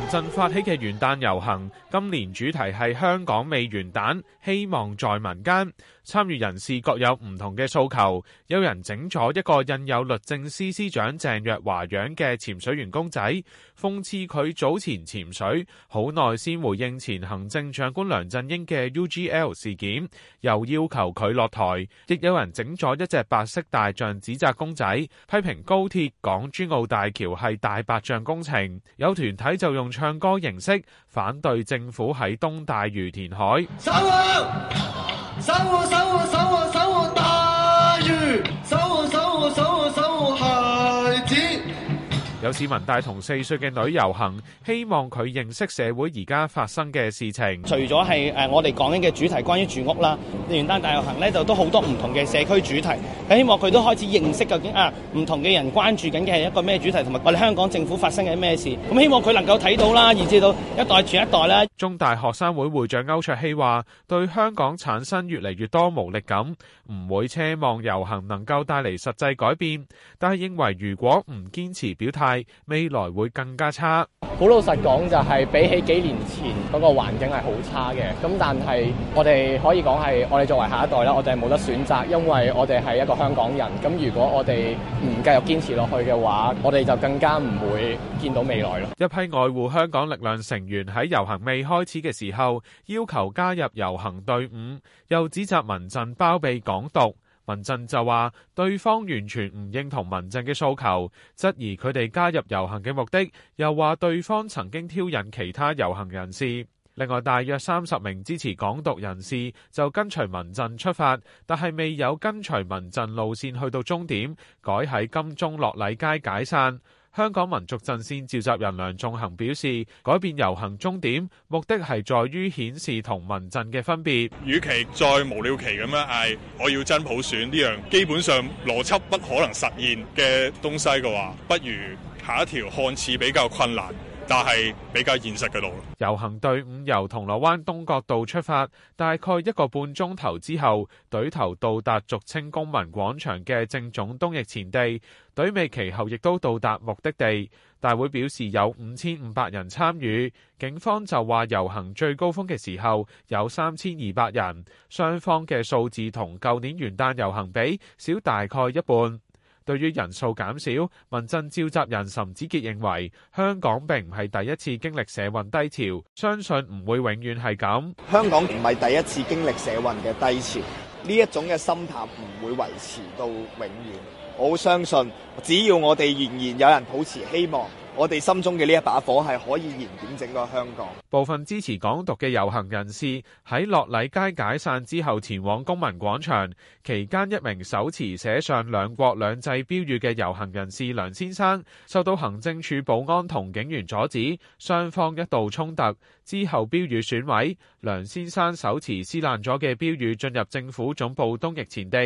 民陣發起嘅元旦遊行，今年主題係香港未元旦，希望在民間參與人士各有唔同嘅訴求。有人整咗一個印有律政司司長鄭若驊樣嘅潛水員公仔，諷刺佢早前潛水好耐先回應前行政長官梁振英嘅 UGL 事件，又要求佢落台。亦有人整咗一隻白色大象，紙紮公仔批評高鐵、港珠澳大橋係大白象工程。有團體就用唱歌形式反對政府喺東大嶼填海。有市民帶同四歲嘅女遊行，希望佢認識社會而家發生嘅事情。除咗係誒，我哋講緊嘅主題關於住屋啦，元旦大遊行呢就都好多唔同嘅社區主題，咁希望佢都開始認識究竟啊唔同嘅人關注緊嘅係一個咩主題，同埋我哋香港政府發生嘅咩事。咁希望佢能夠睇到啦，而知道一代傳一代啦。中大學生會會長歐卓希話，對香港產生越嚟越多無力感，唔會奢望遊行能夠帶嚟實際改變，但係認為如果唔堅持表態。未來會更加差。好老實講，就係比起幾年前嗰個環境係好差嘅。咁但係我哋可以講係我哋作為下一代啦，我哋係冇得選擇，因為我哋係一個香港人。咁如果我哋唔繼續堅持落去嘅話，我哋就更加唔會見到未來咯。一批愛護香港力量成員喺遊行未開始嘅時候，要求加入遊行隊伍，又指責民陣包庇港獨。民陣就話對方完全唔認同民陣嘅訴求，質疑佢哋加入遊行嘅目的，又話對方曾經挑釁其他遊行人士。另外，大約三十名支持港獨人士就跟隨民陣出發，但係未有跟隨民陣路綫去到終點，改喺金鐘樂禮街解散。香港民族陣線召集人梁仲恒表示，改變遊行終點，目的係在於顯示同民陣嘅分別。與其再無了期咁樣嗌「我要真普選」呢樣，基本上邏輯不可能實現嘅東西嘅話，不如下一條看似比較困難，但係比較現實嘅路。遊行隊伍由銅鑼灣東角道出發，大概一個半鐘頭之後，隊頭到達俗稱公民廣場嘅政總東翼前地，隊尾其後亦都到達目的地。大會表示有五千五百人參與，警方就話遊行最高峰嘅時候有三千二百人。雙方嘅數字同舊年元旦遊行比少大概一半。對於人數減少，民陣召集人岑子傑認為，香港並唔係第一次經歷社運低潮，相信唔會永遠係咁。香港唔係第一次經歷社運嘅低潮，呢一種嘅心態唔會維持到永遠。我相信，只要我哋仍然有人抱持希望。我哋心中嘅呢一把火係可以燃點整個香港。部分支持港獨嘅遊行人士喺樂禮街解散之後前往公民廣場期間，一名手持寫上兩國兩制標語嘅遊行人士梁先生，受到行政署保安同警員阻止，雙方一度衝突。之後標語損毀，梁先生手持撕爛咗嘅標語進入政府總部東翼前地。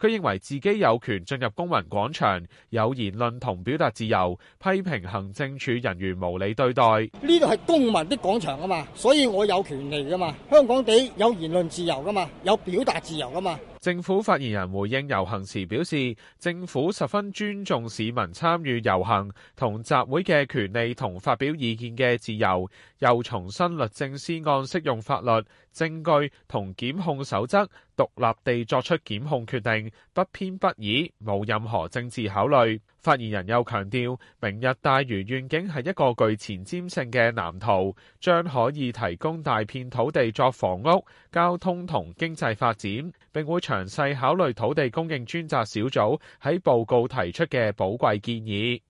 佢認為自己有權進入公民廣場，有言論同表達自由，批評行。政署人員無理對待，呢度係公民的廣場啊嘛，所以我有權利噶嘛，香港地有言論自由噶嘛，有表達自由噶嘛。政府發言人回應遊行時表示，政府十分尊重市民參與遊行同集會嘅權利同發表意見嘅自由，又重申律政司按適用法律、證據同檢控守則，獨立地作出檢控決定，不偏不倚，冇任何政治考慮。發言人又強調，明日大嶼願景係一個具前瞻性嘅藍圖，將可以提供大片土地作房屋、交通同經濟發展，並會詳細考慮土地供應專責小組喺報告提出嘅寶貴建議。